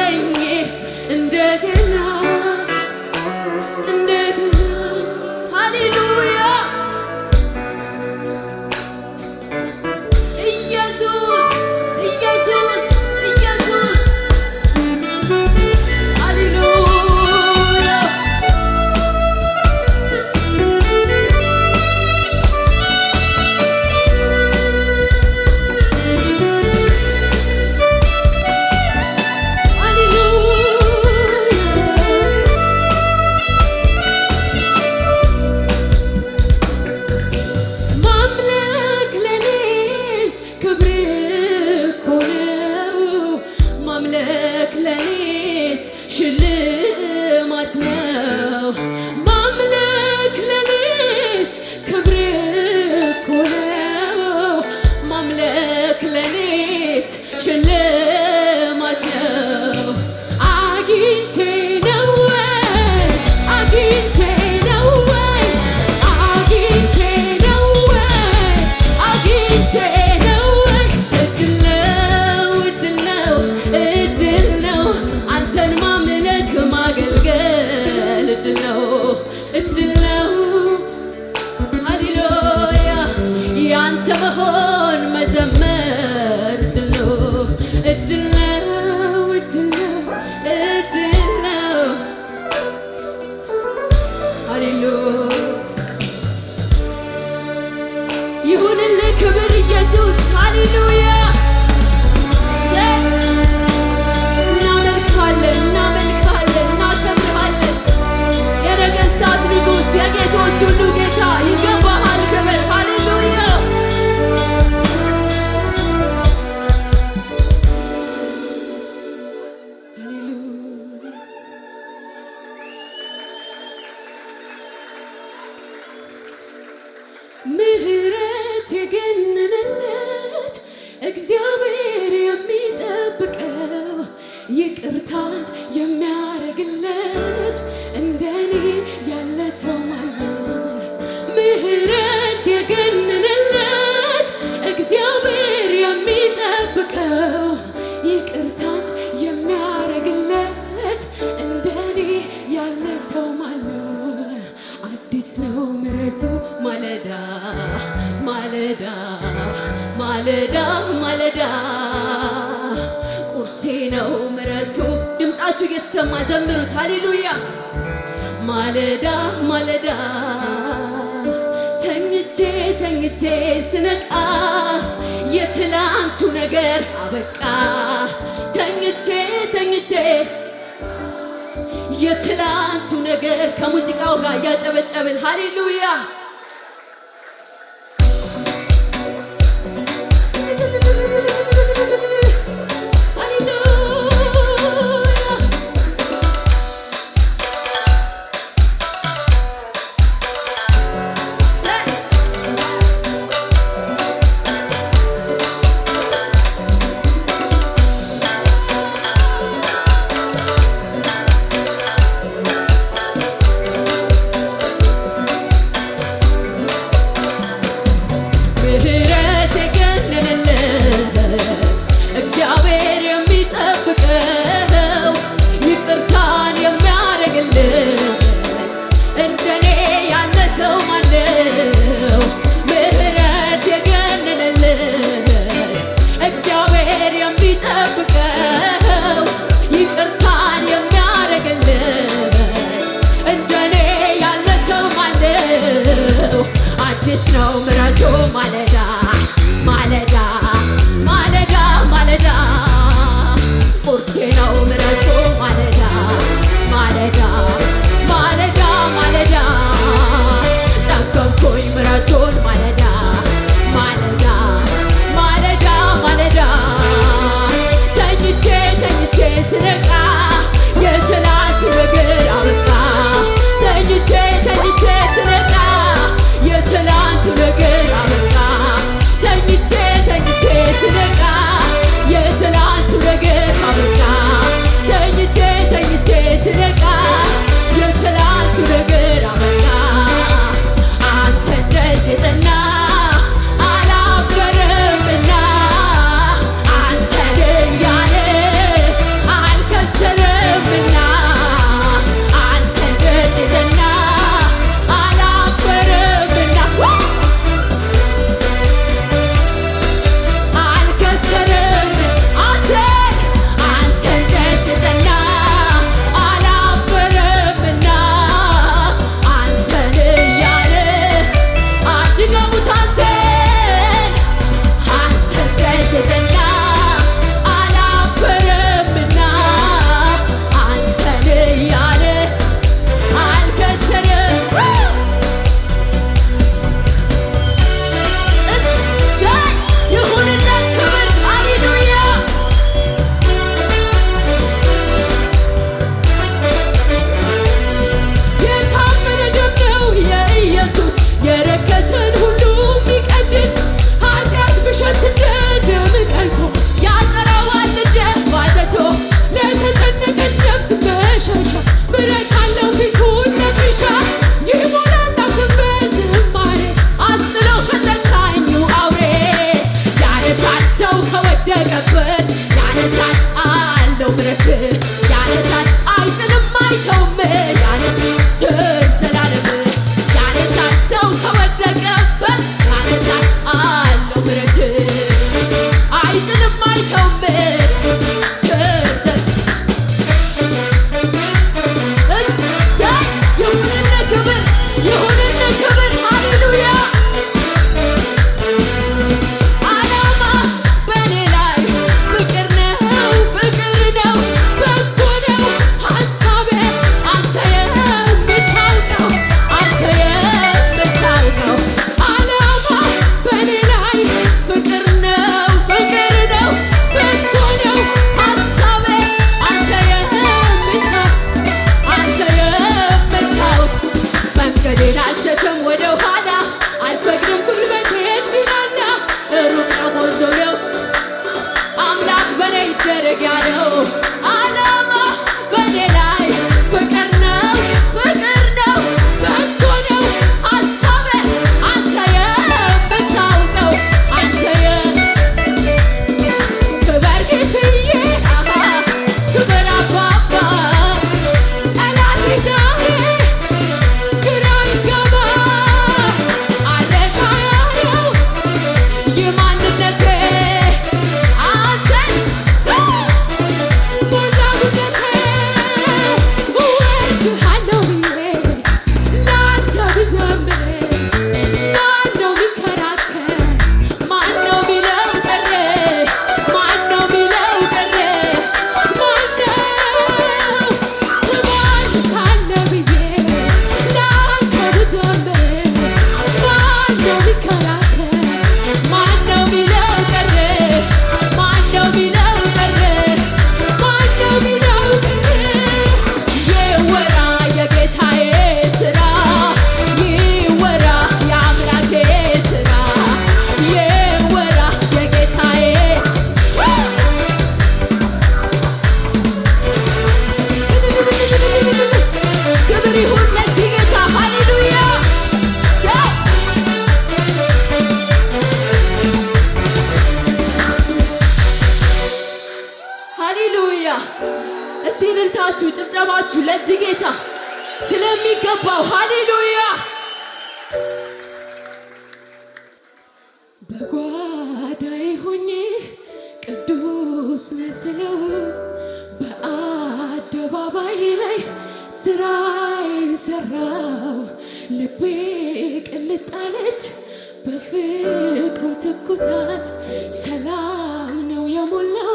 ነኝ እንደገና ማለዳ ማለዳ ማለዳ ቁርሴ ነው ምረቱ። ድምፃችሁ እየተሰማ ዘምሩት። ሃሌሉያ ማለዳ ማለዳ ተኝቼ ተኝቼ ስነቃ የትላንቱ ነገር አበቃ። ተኝቼ ተኝቼ የትላንቱ ነገር ከሙዚቃው ጋር እያጨበጨብን ሃሌሉያ ፍቅር የሚጠብቀው ይቅርታን የሚያደርግለት እንደኔ ያለ ሰው ማነው? አዲስ ነው ምሕረቱ ማለዳ ማለዳ ማለዳ ማለዳ ቁርሴ ነው ምሕረቱ ማለዳ ማለዳ ማለዳ ማለዳ ጠገብኩኝ ምሕረቱን You ለዚህ ጌታ ስለሚገባው ሃሌሉያ በጓዳዬ ሆኜ ቅዱስ ነህ ስለው በአደባባይ ላይ ስራዬን ሰራው ልቤ ቅልጣለች በፍቅሩ ትኩሳት ሰላም ነው የሞላው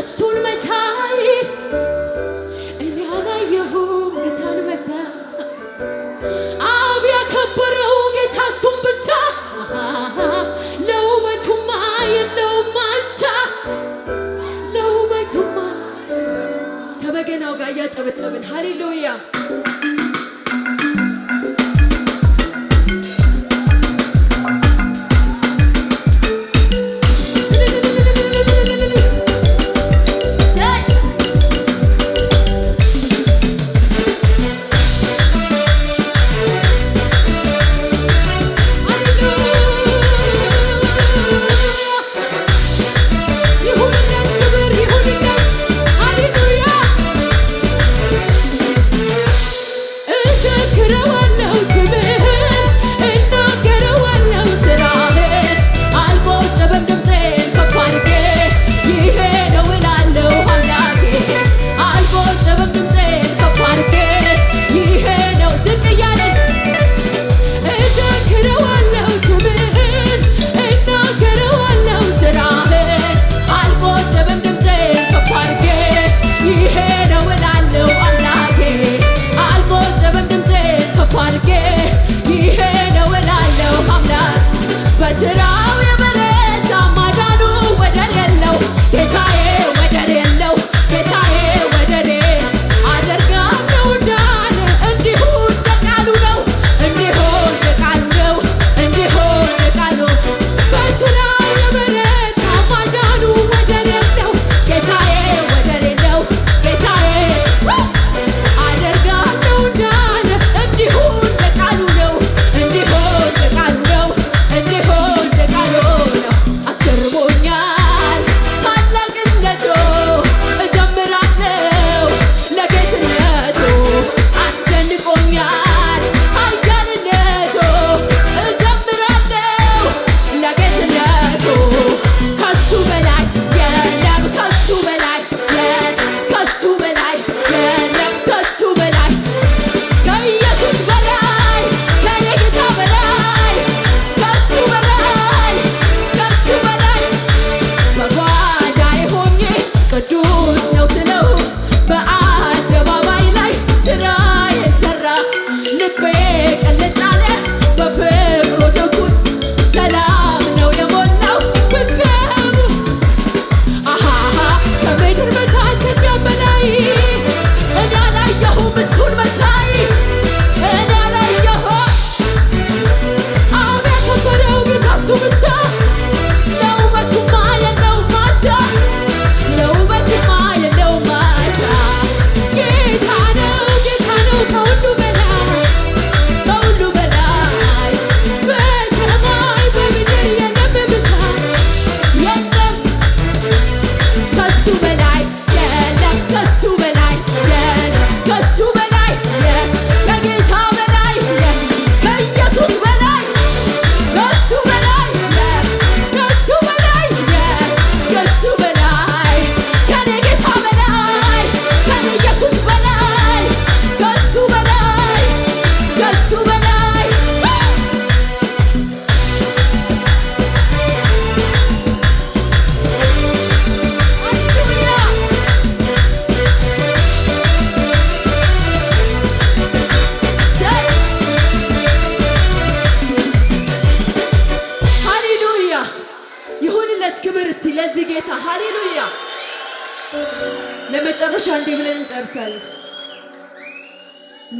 እሱን መታይ እኔ አላየሁም ጌታን መሳይ አብ ያከበረው ጌታ እሱን ብቻ ለውበቱማ የለውም ማቻ ለውበቱማ ከበገናው ጋር እያጨበጨብን ሃሌሉያ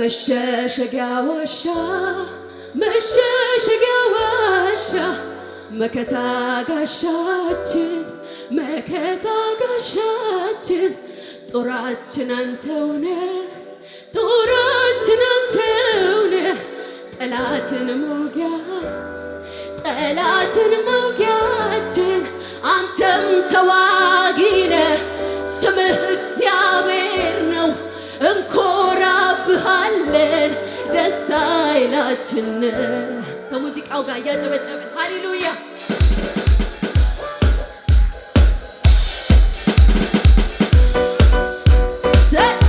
መሸሸጊያ ዋሻ መሸሸጊያ ዋሻ መከታ ጋሻችን መከታ ጋሻችን ጦራችን አንተውነ ጦራችን አንተውነ ጠላትን መውጊያ ጠላትን መውጊያችን አንተም ተዋጊነ ስምህ እግዚአብሔር ነው እንኮ እናከብርሃለን ደስታ ይላችን ከሙዚቃው ጋር እያጨበጨብን ሃሌሉያ Hey!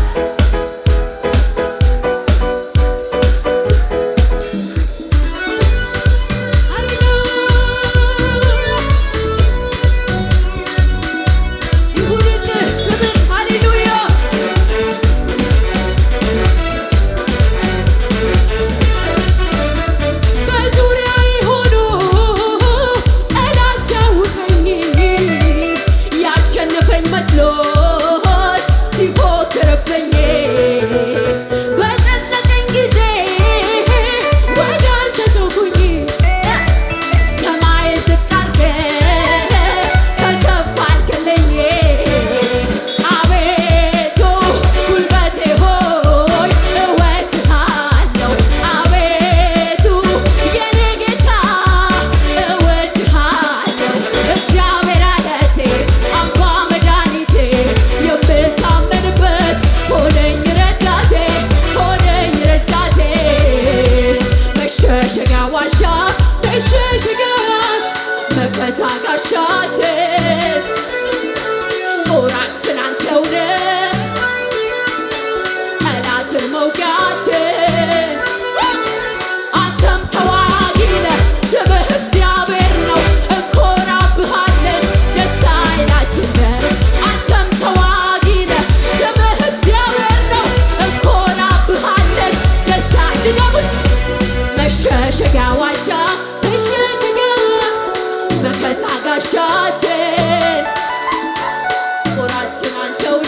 ጋሻችን ጦራችን አንተው